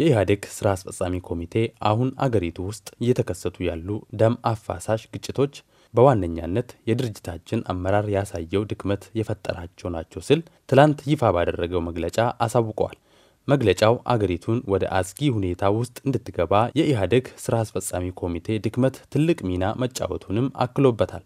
የኢህአዴግ ስራ አስፈጻሚ ኮሚቴ አሁን አገሪቱ ውስጥ እየተከሰቱ ያሉ ደም አፋሳሽ ግጭቶች በዋነኛነት የድርጅታችን አመራር ያሳየው ድክመት የፈጠራቸው ናቸው ሲል ትላንት ይፋ ባደረገው መግለጫ አሳውቀዋል። መግለጫው አገሪቱን ወደ አስጊ ሁኔታ ውስጥ እንድትገባ የኢህአዴግ ስራ አስፈጻሚ ኮሚቴ ድክመት ትልቅ ሚና መጫወቱንም አክሎበታል።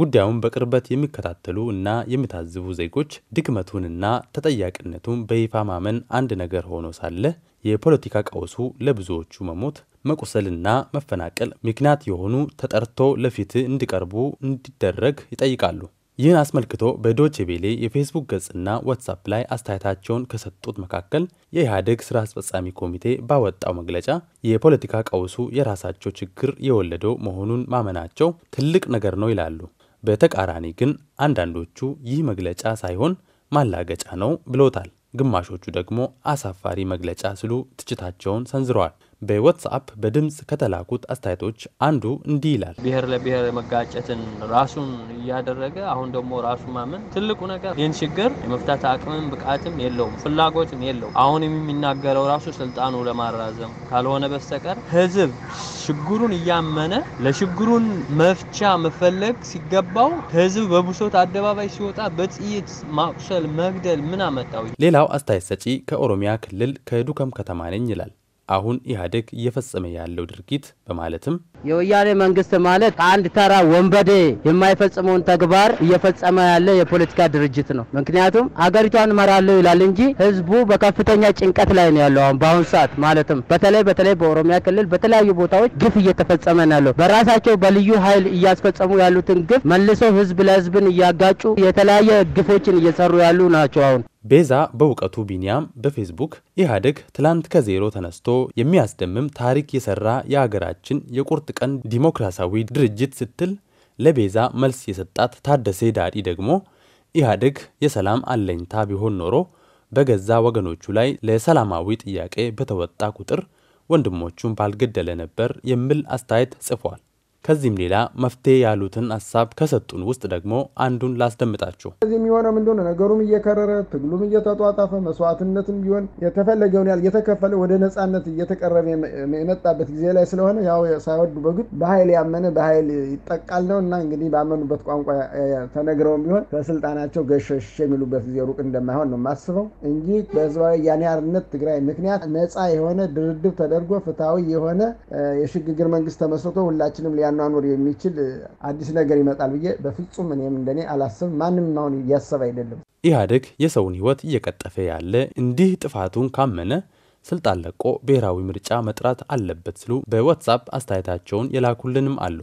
ጉዳዩን በቅርበት የሚከታተሉ እና የሚታዝቡ ዜጎች ድክመቱንና ተጠያቂነቱን በይፋ ማመን አንድ ነገር ሆኖ ሳለ የፖለቲካ ቀውሱ ለብዙዎቹ መሞት፣ መቁሰልና መፈናቀል ምክንያት የሆኑ ተጠርቶ ለፊት እንዲቀርቡ እንዲደረግ ይጠይቃሉ። ይህን አስመልክቶ በዶቼ ቬሌ የፌስቡክ ገጽና ዋትሳፕ ላይ አስተያየታቸውን ከሰጡት መካከል የኢህአዴግ ስራ አስፈጻሚ ኮሚቴ ባወጣው መግለጫ የፖለቲካ ቀውሱ የራሳቸው ችግር የወለደው መሆኑን ማመናቸው ትልቅ ነገር ነው ይላሉ። በተቃራኒ ግን አንዳንዶቹ ይህ መግለጫ ሳይሆን ማላገጫ ነው ብለውታል። ግማሾቹ ደግሞ አሳፋሪ መግለጫ ሲሉ ትችታቸውን ሰንዝረዋል። በዋትስአፕ በድምፅ ከተላኩት አስተያየቶች አንዱ እንዲህ ይላል። ብሔር ለብሔር መጋጨትን ራሱን እያደረገ አሁን ደግሞ ራሱ ማመን ትልቁ ነገር ይህን ችግር የመፍታት አቅምም ብቃትም የለውም ፍላጎትም የለውም። አሁን የሚናገረው ራሱ ስልጣኑ ለማራዘም ካልሆነ በስተቀር ህዝብ ችግሩን እያመነ ለችግሩን መፍቻ መፈለግ ሲገባው ህዝብ በብሶት አደባባይ ሲወጣ በጥይት ማቁሰል፣ መግደል ምን አመጣው? ሌላው አስተያየት ሰጪ ከኦሮሚያ ክልል ከዱከም ከተማ ነኝ ይላል። አሁን ኢህአዴግ እየፈጸመ ያለው ድርጊት በማለትም የወያኔ መንግስት ማለት ከአንድ ተራ ወንበዴ የማይፈጽመውን ተግባር እየፈጸመ ያለ የፖለቲካ ድርጅት ነው። ምክንያቱም አገሪቷን እመራለሁ ይላል እንጂ ህዝቡ በከፍተኛ ጭንቀት ላይ ነው ያለው። አሁን በአሁን ሰዓት ማለትም በተለይ በተለይ በኦሮሚያ ክልል በተለያዩ ቦታዎች ግፍ እየተፈጸመ ነው ያለው። በራሳቸው በልዩ ኃይል እያስፈጸሙ ያሉትን ግፍ መልሰው ህዝብ ለህዝብን እያጋጩ የተለያየ ግፎችን እየሰሩ ያሉ ናቸው አሁን ቤዛ በእውቀቱ ቢኒያም በፌስቡክ ኢህአዴግ ትላንት ከዜሮ ተነስቶ የሚያስደምም ታሪክ የሰራ የአገራችን የቁርጥ ቀን ዲሞክራሲያዊ ድርጅት ስትል ለቤዛ መልስ የሰጣት ታደሴ ዳዲ ደግሞ ኢህአዴግ የሰላም አለኝታ ቢሆን ኖሮ በገዛ ወገኖቹ ላይ ለሰላማዊ ጥያቄ በተወጣ ቁጥር ወንድሞቹን ባልገደለ ነበር የሚል አስተያየት ጽፏል። ከዚህም ሌላ መፍትሄ ያሉትን ሀሳብ ከሰጡን ውስጥ ደግሞ አንዱን ላስደምጣችሁ። ከዚህ የሚሆነው ምን እንደሆነ ነገሩም እየከረረ ትግሉም እየተጧጣፈ መስዋዕትነትም ቢሆን የተፈለገውን ያህል እየተከፈለ ወደ ነፃነት እየተቀረበ የመጣበት ጊዜ ላይ ስለሆነ ያው ሳይወዱ በግድ በኃይል ያመነ በኃይል ይጠቃል ነው እና እንግዲህ ባመኑበት ቋንቋ ተነግረውም ቢሆን ከስልጣናቸው ገሸሽ የሚሉበት ጊዜ ሩቅ እንደማይሆን ነው የማስበው እንጂ በህዝባዊ ወያነ ሓርነት ትግራይ ምክንያት ነፃ የሆነ ድርድር ተደርጎ ፍትሐዊ የሆነ የሽግግር መንግስት ተመስርቶ ሁላችንም ሊያ ሊያኗኑር የሚችል አዲስ ነገር ይመጣል ብዬ በፍጹም እኔም እንደኔ አላስብም። ማንም አሁን እያሰብ አይደለም። ኢህአዴግ የሰውን ህይወት እየቀጠፈ ያለ እንዲህ ጥፋቱን ካመነ ስልጣን ለቆ ብሔራዊ ምርጫ መጥራት አለበት ሲሉ በዋትሳፕ አስተያየታቸውን የላኩልንም አሉ።